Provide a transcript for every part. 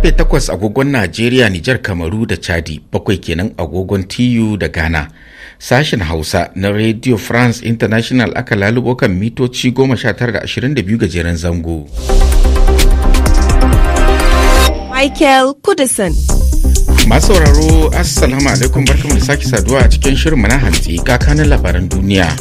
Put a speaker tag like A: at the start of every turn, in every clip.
A: karfe takwas agogon Najeriya, Nijar, Kamaru da Chadi, bakwai kenan agogon TU da Ghana. Sashen Hausa na Radio France International aka lalubo kan mitoci 19.22 gajeren zango.
B: Michael Kudison.
A: Masu sauraro, Assalamu alaikum barkamu da sake saduwa a cikin shirin na hantsi kakanin labaran duniya.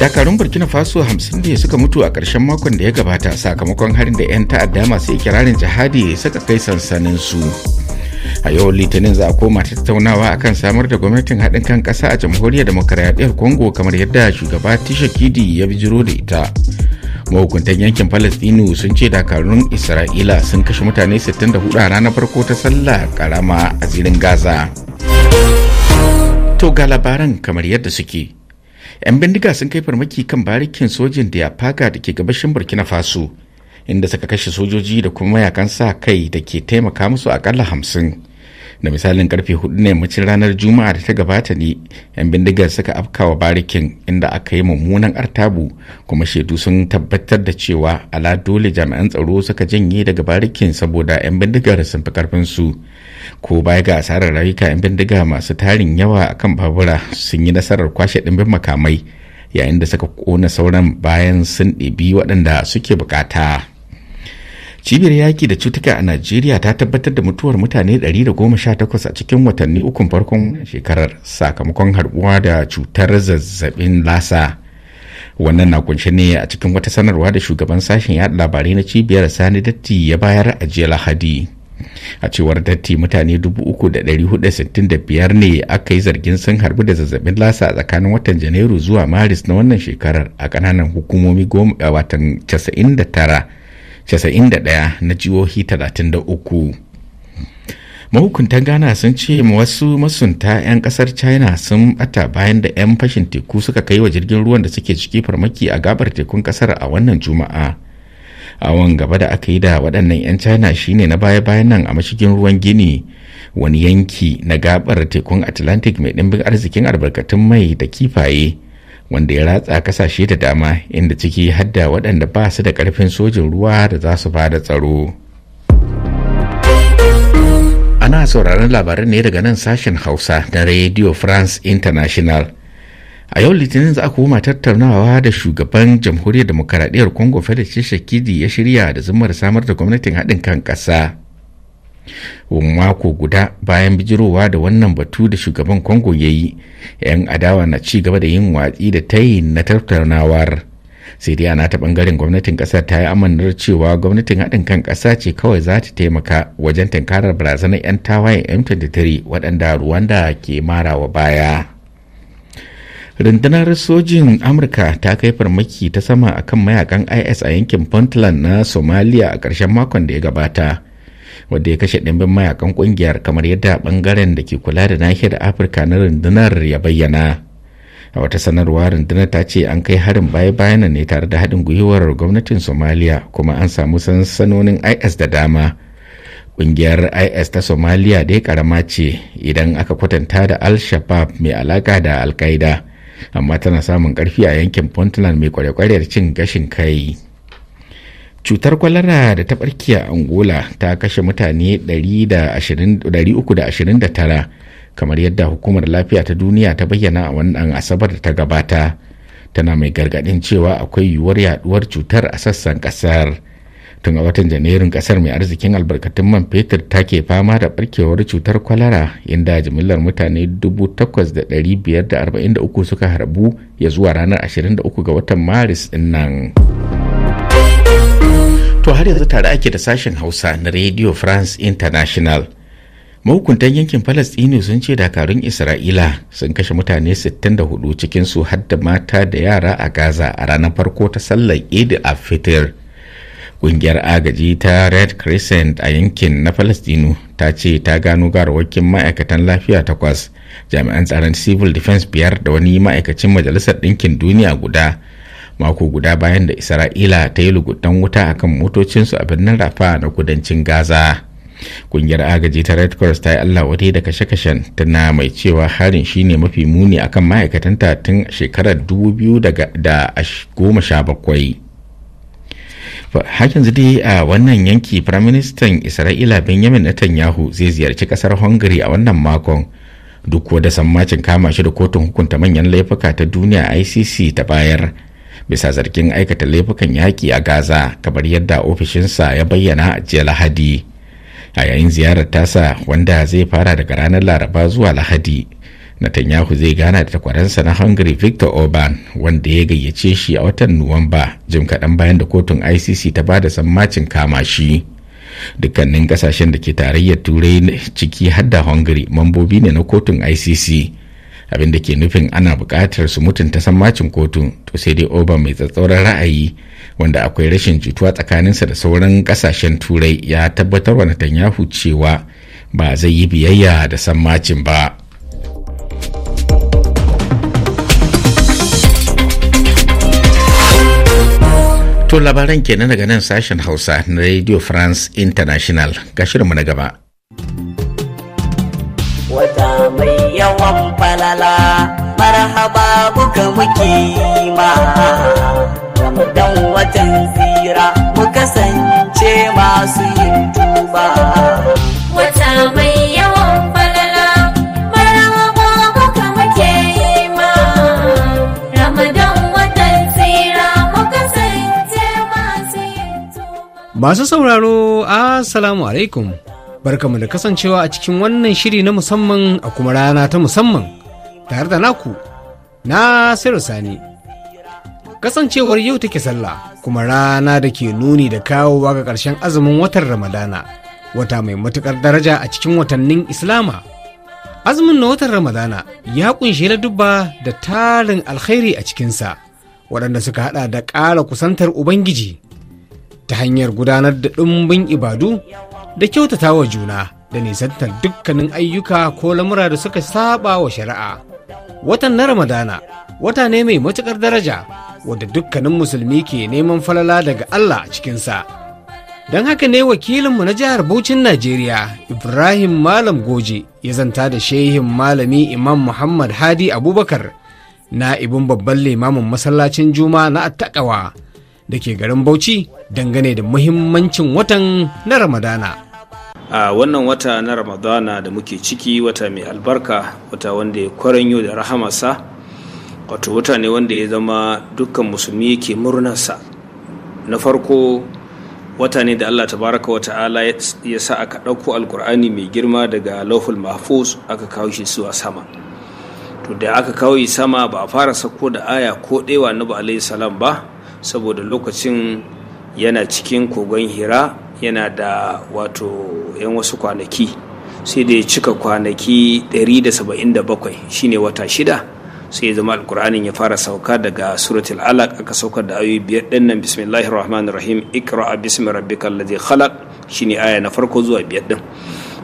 A: dakarun burkina faso 50 ne suka mutu a ƙarshen makon da ya gabata sakamakon harin da 'yan ta'adda masu ikirarin jihadi suka kai sansanin su a yau litinin za a koma tattaunawa akan samar da gwamnatin haɗin kan ƙasa a jamhuriyar demokaradiyyar congo kamar yadda shugaba tishakidi ya bijiro da ita mahukuntan yankin palestinu sun ce dakarun isra'ila sun kashe mutane 64 a ranar farko ta sallah karama a zirin gaza to ga labaran kamar yadda suke 'yan bindiga sun kai farmaki kan barikin sojin da ya faga da ke gabashin burkina faso inda suka kashe sojoji da kuma mayakan sa kai da ke taimaka musu akalla hamsin da misalin karfe hudu ne yammacin ranar juma'a da ta gabata ne yan bindigar suka afkawa barikin inda aka yi mummunan artabu kuma shaidu sun tabbatar da cewa ala dole jami'an tsaro suka janye daga barikin saboda yan bindigar sun fi karfin su ko baya ga asarar rayuka yan bindiga masu tarin yawa akan babura sun yi nasarar kwashe dimbin makamai yayin da suka kona sauran bayan sun ɗebi waɗanda suke bukata. cibiyar yaƙi da cutuka a najeriya ta tabbatar da mutuwar mutane 118 a cikin watanni ukun farkon shekarar sakamakon harbuwa da cutar zazzabin lasa wannan na kunshe ne a cikin wata sanarwa da shugaban sashen yaɗa labarai na cibiyar sani datti ya bayar a jiya lahadi a cewar datti mutane 3,465 ne aka yi zargin sun harbi da zazzabin lasa a tsakanin watan janairu zuwa maris na wannan shekarar a kananan hukumomi watan 99 91 na jihohi 33 mahukuntan ghana sun ce wasu masunta 'yan kasar china sun bata bayan da 'yan fashin teku suka kai wa jirgin ruwan da suke ciki farmaki a gabar tekun kasar a wannan juma'a awon gaba da aka yi da waɗannan 'yan china shine na baya-bayan nan a mashigin ruwan gini wani yanki na gabar tekun atlantic mai ɗimbin arzikin albarkatun mai da kifaye wanda ya ratsa kasashe da dama inda ciki hadda waɗanda ba su da ƙarfin sojin ruwa da za su ba da tsaro. Ana sauraron labaran ne daga nan sashen Hausa na Radio France International. A yau Litinin za a koma tattaunawa da shugaban jamhuriyar demokaradiyyar Congo Felix Tshisekedi ya shirya da zumar samar da gwamnatin haɗin kan ƙasa. mako guda bayan bijirowa da wannan batu da shugaban congo ya yi 'yan adawa na ci gaba da yin watsi da ta yi na tattaunawar sai dai ana ta bangaren gwamnatin kasar ta yi amanar cewa gwamnatin haɗin kan ƙasa ce kawai za ta taimaka wajen tankarar barazanar 'yan tawayen m23 waɗanda ruwanda ke wa baya rundunar sojin amurka ta kai farmaki ta sama akan mayakan is a yankin puntland na somalia a ƙarshen makon da ya gabata wadda ya kashe ɗimbin mayakan ƙungiyar kamar yadda ɓangaren da ke kula da nahiyar afirka na rundunar ya bayyana a wata sanarwa rundunar ta ce an kai harin baya bayan ne tare da haɗin gwiwar gwamnatin somaliya kuma an samu sansanonin is da dama ƙungiyar is ta somaliya dai karama ce idan aka kwatanta da al-shabab mai alaka da al-qaida amma tana samun ƙarfi a yankin puntland mai kwarekwariyar cin gashin kai cutar kwalara da ta barke a angola ta kashe mutane 329 kamar yadda hukumar lafiya ta duniya ta bayyana a wannan asabar da ta gabata tana mai gargadin cewa akwai yiwuwar yaduwar cutar a sassan kasar tun a watan janairun kasar mai arzikin albarkatun man fetur ta ke fama da barkewar cutar kwalara inda jimillar mutane 8,543 suka harbu ya zuwa ranar 23 ga watan maris nan. To har yanzu tare ake da sashen Hausa na Radio France International. Mahukuntan yankin Falastini sun ce dakarun Isra'ila sun kashe mutane 64 cikinsu har da mata da yara a Gaza a ranar farko ta sallar Eid a fitr ƙungiyar agaji ta Red Crescent a yankin na Falastinu ta ce ta gano garawakin ma'aikatan lafiya takwas, jami'an tsaron Civil Defense biyar da wani ma'aikacin Majalisar Ɗinkin Duniya guda. mako guda bayan da isra'ila ta yi lugudan wuta akan motocinsu a birnin rafa na kudancin gaza kungiyar agaji ta red cross ta yi allah wata da kashe-kashen tana mai cewa harin shine mafi muni akan ma'aikatanta tun shekarar 2017 hakin dai a wannan yanki firaministan isra'ila benjamin netanyahu zai ziyarci kasar hungary a wannan makon duk wadda sammacin kama shi da kotun hukunta manyan laifuka ta duniya icc ta bayar bisa zargin aikata laifukan yaƙi a gaza kamar yadda ofishinsa ya bayyana a jiya lahadi a yayin ziyarar tasa wanda zai fara daga ranar laraba zuwa lahadi natanyahu zai gana da takwaransa na Hungary Victor Orban wanda ya gayyace shi a watan Nuwamba jim kaɗan bayan da kotun ICC ta ba da sammacin kama shi. Dukkanin ƙasashen da ke tarayyar Turai ciki hadda Hungary mambobi ne na kotun ICC abin da ke nufin ana buƙatar su mutunta sammacin kotu to sai dai oba mai tsatsauran ra'ayi wanda akwai rashin jituwa tsakaninsa da sauran ƙasashen turai ya tabbatar wa Netanyahu cewa ba zai yi biyayya da sammacin ba. To labaran kenan daga nan sashen Hausa na Radio France International ga shirinmu na gaba.
C: wata mai yawan falala marhaba muka muke ma ramadan watan tsira mu kasance masu yin tuba wata mai yawan falala marhaba muka muke
B: ma ramadan watan zira mu kasance masu yin tuba
D: masu sauraro assalamu alaikum barkamu da kasancewa a cikin wannan shiri na musamman a kuma rana ta musamman tare da naku na sani kasancewar yau take sallah kuma rana da ke nuni da kawowa ga ƙarshen azumin watan ramadana wata mai matuƙar daraja a cikin watannin islama azumin na watan ramadana ya ƙunshi dubba da tarin alkhairi a cikinsa waɗanda suka haɗa da ƙara kusantar ubangiji ta hanyar gudanar da ɗumbin ibadu da kyautata wa juna da nisantar dukkanin ayyuka ko lamura da suka saba wa shari'a. Watan na Ramadana wata ne mai matukar daraja wadda dukkanin musulmi ke neman falala daga Allah cikinsa. Don haka ne wakilinmu na jihar Bauchin Najeriya Ibrahim Malam Goje ya zanta da shehin malami Imam Muhammad Hadi Abubakar na ibin babban limamin masallacin Juma na Attakawa. da ke garin Bauchi dangane da muhimmancin watan na Ramadana.
B: a wannan wata na ramadana da muke ciki wata mai albarka wata wanda ya kwaranyo da rahamarsa wato wata ne wanda ya zama dukkan musulmi ke murnarsa na farko wata ne da allah tabaraka wa ta'ala ya sa aka ɗauko alkur'ani mai girma daga lawful mahfuz aka kawo shi zuwa sama to da aka kawo shi sama ba a fara sako da aya ko ɗewa na ba saboda lokacin yana cikin kogon hira yana da wato 'yan wasu kwanaki sai da ya cika kwanaki 177 shine wata shida sai ya zama alkur'anin ya fara sauka daga suratul alaq aka saukar da ayoyi biyar din nan bismillahir rahmanir rahim ikra bismi rabbikal ladzi khalaq shine aya na farko zuwa biyar din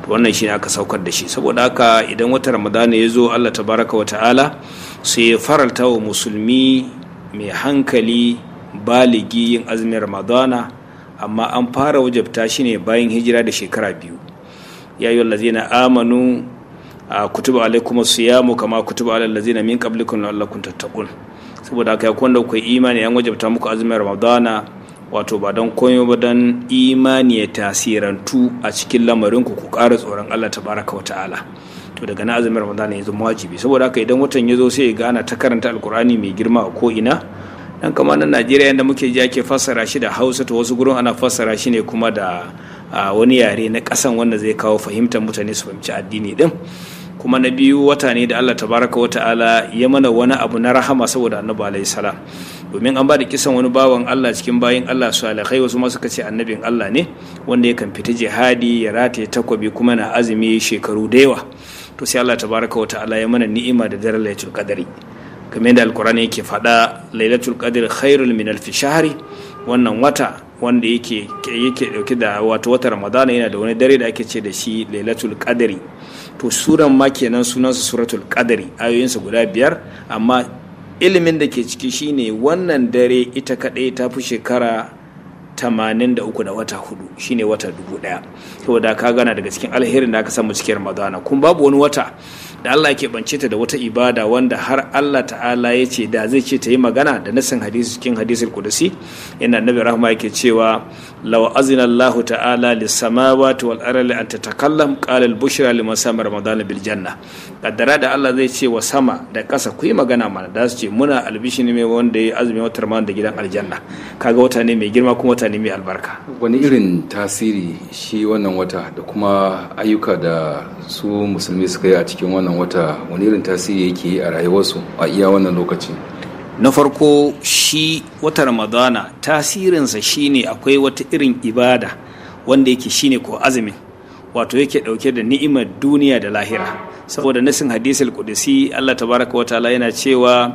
B: wannan shine aka saukar da shi saboda haka idan wata ramadana ya zo Allah tabaraka wa ta'ala sai ya faralta wa musulmi mai hankali baligi yin azumin ramadana amma an fara wajabta shi ne bayan hijira da shekara biyu ya yi na amanu a kutuba ya siyamu kama kutuba alal na min qablikum la'allakum tattaqun saboda haka yakun da kuwa imani an wajabta muku azumin ramadana wato ba don koyo ba don imani ya tasirantu a cikin lamarin ku ku kara tsoron Allah baraka wa ta'ala to daga na azumin ramadana ya zama wajibi saboda haka idan watan ya zo sai ya gana ta karanta alkur'ani mai girma a ko ina dan kama na najeriya yadda muke ji ake fassara shi da hausa to wasu gurin ana fassara shi ne kuma da wani yare na kasan wanda zai kawo fahimtar mutane su fahimci addini din kuma na biyu wata ne da allah tabaraka wa ta'ala ya mana wani abu na rahama saboda annabi alaihi salam domin an ba da kisan wani bawan allah cikin bayin allah salihai wasu ma suka ce annabin allah ne wanda ya kan fita jihadi ya rataye takwabi kuma na azumi shekaru da yawa to sai allah tabaraka wa ta'ala ya mana ni'ima da daren kadari kadari. kamar da alkurani yake faɗa lailatul qadr khairul min alf shahri wannan wata wanda yake yake dauke da wato wata ramadana yana da wani dare da ake ce da shi lailatul qadri to suran ma kenan sunansa suratul qadri ayoyinsa guda biyar amma ilimin da ke ciki shine wannan dare ita kadai ta fi shekara 83 da wata hudu shine wata dubu daya saboda ka gana daga cikin alherin da aka samu cikin ramadana kun babu wani wata da Allah ke bance ta da wata ibada wanda har Allah ta'ala ya ce da zai ce ta yi magana da nasin hadisi cikin hadisul kudusi ina nabi rahma yake cewa law azina Allah ta'ala lis samawati wal ardi an tatakallam qala al bushra liman sama ramadan bil janna kaddara da Allah zai ce wa sama da kasa ku yi magana mana da su ce muna albishin ne mai wanda ya azumi wata ramadan da gidan aljanna kaga wata ne mai girma kuma wata ne mai albarka wani irin tasiri shi wannan wata da kuma ayyuka da su musulmi suka yi a cikin wannan wata wani irin tasiri yake yi a rayuwarsu
A: a iya wannan lokaci
B: na farko shi wata ramadana tasirinsa shine akwai wata irin ibada wanda yake shine ko azumin wato yake dauke da ni'imar duniya da lahira saboda nasin hadisul qudsi Allah tabaraka wa ta'ala yana cewa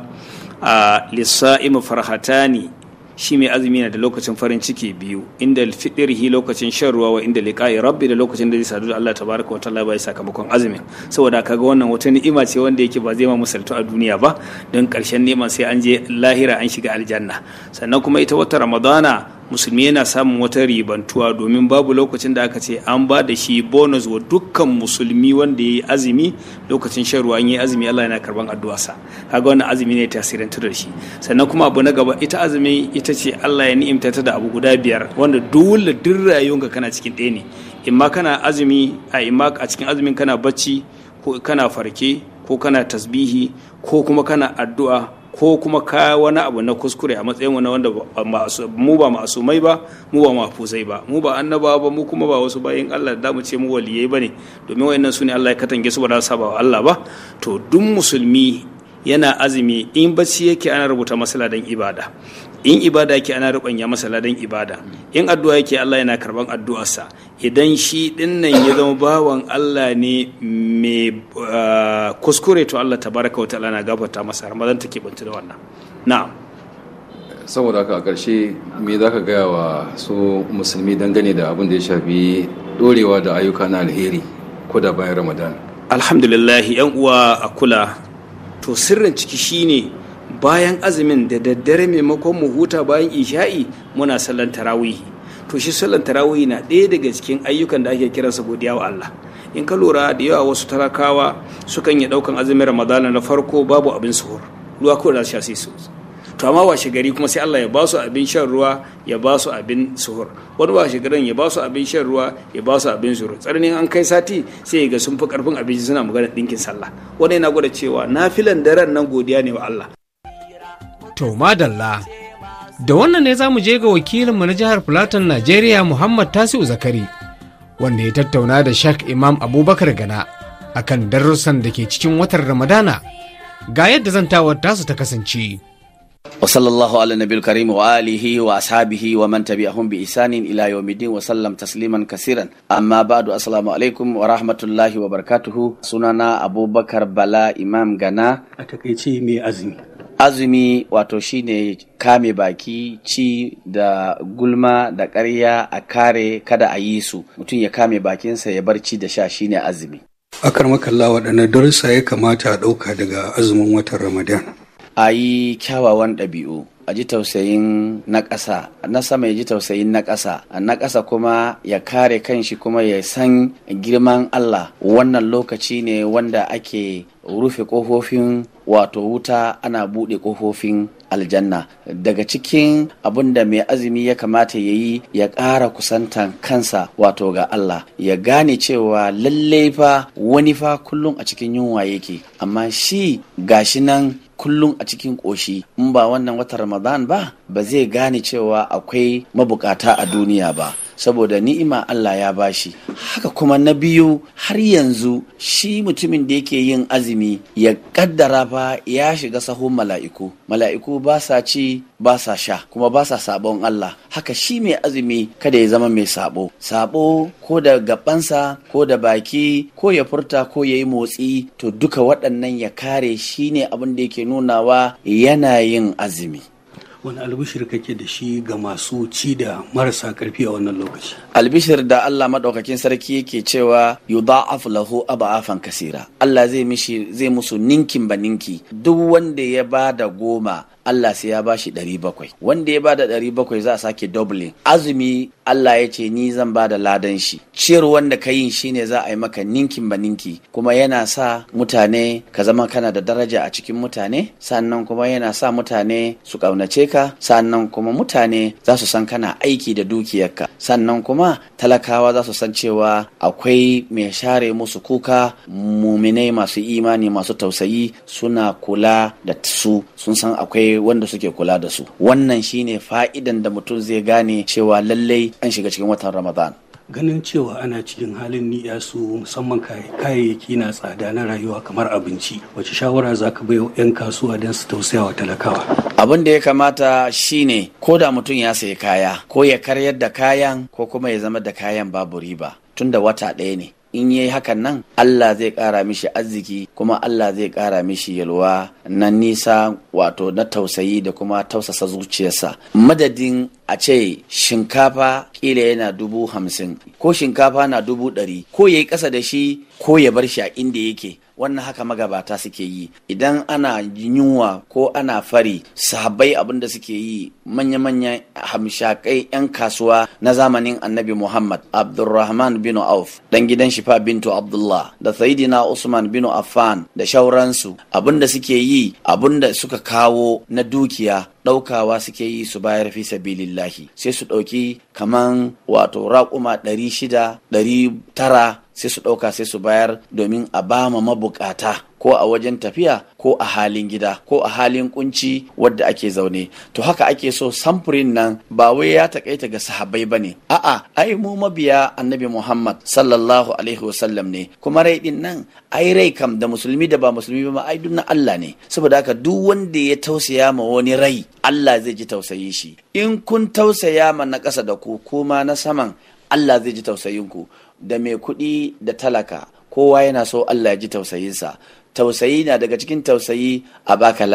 B: a lissaimu farhatani shi mai azumi na da lokacin farin ciki biyu inda fitirhi lokacin shan ruwa wa inda liqa'i rabbi da lokacin da zai sadu da Allah tabaraka wa ta'ala bai sakamakon azumin saboda kaga wannan wata ni'ima ce wanda yake ba zai ma musaltu a duniya ba don karshen neman sai an je lahira an shiga aljanna sannan kuma ita wata ramadana musulmi yana samun wata ribantuwa domin babu lokacin da aka ce an ba da shi bonus wa dukkan musulmi wanda ya yi azumi lokacin shan ruwa yi azumi Allah yana karban addu'arsa kaga wannan azumi ne tasirantu da shi sannan kuma abu na gaba ita azumi ita ce Allah ya ni'imta ta da abu guda biyar wanda dole duk rayuwarka kana cikin ɗaya ne imma kana azumi a imma a cikin azumin kana bacci ko kana farke ko kana tasbihi ko kuma kana addu'a ko kuma ka wani abu na kuskure a matsayin wani wanda mu ba mai ba mu ba mafuzai ba mu ba annaba ba mu kuma ba wasu bayin Allah da mu ce mu waliyai ba ne domin wayannan sune ne Allah ya katange su ba za saba wa Allah ba to duk musulmi yana azumi in bacci yake ana rubuta masala dan ibada in ibada yake ana rubanya masala dan ibada in addu'a yake Allah yana karban addu'arsa idan shi dinnan ya zama bawan Allah ne mai ah, kuskure to Allah tabaraka wa ta'ala na gafarta masa har mazan take bantu da wannan na'am saboda haka a ƙarshe me zaka gaya wa su musulmi dangane da abin da ya shafi dorewa da ayyuka na alheri ko da bayan ramadan alhamdulillah yan uwa a kula to sirrin ciki shine bayan azumin da daddare maimakon mu huta bayan isha'i muna sallan tarawihi to shi sallan tarawih na ɗaya daga cikin ayyukan da ake kiransa godiya wa Allah in ka lura da yawa wasu talakawa sukan yi ɗaukan azumin ramadana na farko babu abin suhur ruwa ko da su su to amma washe gari kuma sai Allah ya ba su abin shan ruwa ya ba su abin suhur wani washe garin ya ba su abin shan ruwa ya ba su abin suhur tsananin an kai sati sai ga sun fi karfin abinci suna magana dinkin sallah wani yana gwada cewa nafilan daren nan godiya ne wa Allah
D: to madalla da wannan ne za mu je ga wakilinmu na jihar filatin Najeriya Muhammad Tasiu Zakari wanda ya tattauna da Sheikh Imam Abubakar Gana akan darussan da ke cikin watan Ramadana ga yadda zantawar tasu ta kasance.
C: wa sallallahu ala nabil karim wa alihi wa ashabihi wa man tabi'ahum bi isanin ila yawmiddin wa sallam tasliman kasiran amma ba'du assalamu alaikum wa rahmatullahi wa barakatuhu sunana abubakar bala imam gana a takaice mai azumi azumi wato shine kame baki ci da gulma da ƙarya a kare kada a yi su mutum ya kame bakinsa ya bar ci da sha shine azumi akar makalla waɗanne darussa ya kamata a ɗauka daga azumin watan ramadan a yi kyawawan ɗabi'u a ji tausayin na ƙasa na sama ya ji tausayin na ƙasa na ƙasa kuma ya kare kanshi kuma ya san girman Allah wannan lokaci ne wanda ake rufe ƙofofin wato wuta ana buɗe ƙofofin aljanna daga cikin abin da mai azumi ya kamata ya yi ya ƙara kusantan kansa wato ga Allah ya gane cewa lalle fa wani fa kullum a cikin yunwa yake amma shi gashi nan kullum a cikin ƙoshi in ba wannan watan ramadan ba ba zai gane cewa akwai mabukata a duniya ba saboda ni'ima Allah ya bashi haka kuma na biyu har yanzu shi mutumin da yake yin azumi ya kaddara fa ya shiga sahun mala'iku mala'iku ba sa ci ba sa sha kuma ba sa sabon Allah haka shi mai azumi kada ya zama mai sabo sabo ko da gabansa ko da baki ko ya furta ko ya yi motsi to duka waɗannan ya kare shi ne abin da yake nunawa yana yin azumi wani albishir kake da shi ga masu ci da marasa karfi a wannan lokaci albishir da Allah madaukakin sarki yake cewa yudha'af lahu aba'afan kasira Allah zai mishi zai musu ninkin ba ninki duk wanda ya ba da goma Allah sai ya ba shi ɗari bakwai wanda ya ba da ɗari bakwai za a sake dublin. azumi Allah ya ce ni zan bada ladan shi ciyar wanda ka yin shi ne za a yi maka ninkin ba ninki kuma yana sa mutane ka zama kana da daraja a cikin mutane sannan kuma yana sa mutane su ƙaunace ka sannan kuma mutane za su san kana aiki da dukiyarka sannan kuma talakawa za su san cewa akwai mai share musu kuka muminai masu imani masu tausayi suna kula da su sun san akwai wanda suke kula da su wannan shine fa'idan da mutum zai gane cewa lallai an shiga cikin watan ramadan
B: ganin cewa ana cikin halin ni'ya su musamman kayayyaki na tsada na rayuwa kamar abinci wace shawara za ka bai 'yan kasuwa
C: don su tausayawa talakawa abin da ya kamata shine ko da mutum ya sayi kaya ko ya karyar da kayan ko kuma ya zama da kayan babu riba tun da wata ɗaya ne in yi hakan nan Allah zai ƙara mishi arziki kuma Allah zai ƙara mishi yalwa na nisa wato na tausayi da kuma tausasa zuciyarsa madadin a ce shinkafa kila yana dubu hamsin ko shinkafa na dubu ɗari ko ya yi ƙasa da shi ko ya bar shi a inda yake wannan haka magabata suke yi idan ana yunwa ko ana fari sahabbai abin da suke yi manya-manyan hamshakai 'yan kasuwa na zamanin annabi muhammad abdulrahman bin auf dan gidan shifa bintu abdullah da saidina usman bin affan da shauransu abin da suke yi abin da suka kawo na dukiya ɗaukawa suke yi su bayar fi sabilillahi sai su ɗauki kaman wato raƙuma ɗari shida ɗari tara sai su ɗauka sai su bayar domin a ba ma mabukata ko a wajen tafiya ko a halin gida ko a halin kunci wadda ake zaune to haka ake so samfurin nan ba wai ya takaita ga sahabbai bane a'a ai mu mabiya annabi Muhammad sallallahu alaihi wasallam ne kuma rai din nan ai rai kam da musulmi da ba musulmi ba ai na Allah ne saboda haka duk wanda ya tausaya ma wani rai Allah zai ji tausayi shi in kun tausaya ma na ƙasa da ku kuma na saman Allah zai ji tausayinku da mai kuɗi da talaka kowa yana so Allah ya ji tausayinsa tausayi na daga cikin tausayi a baka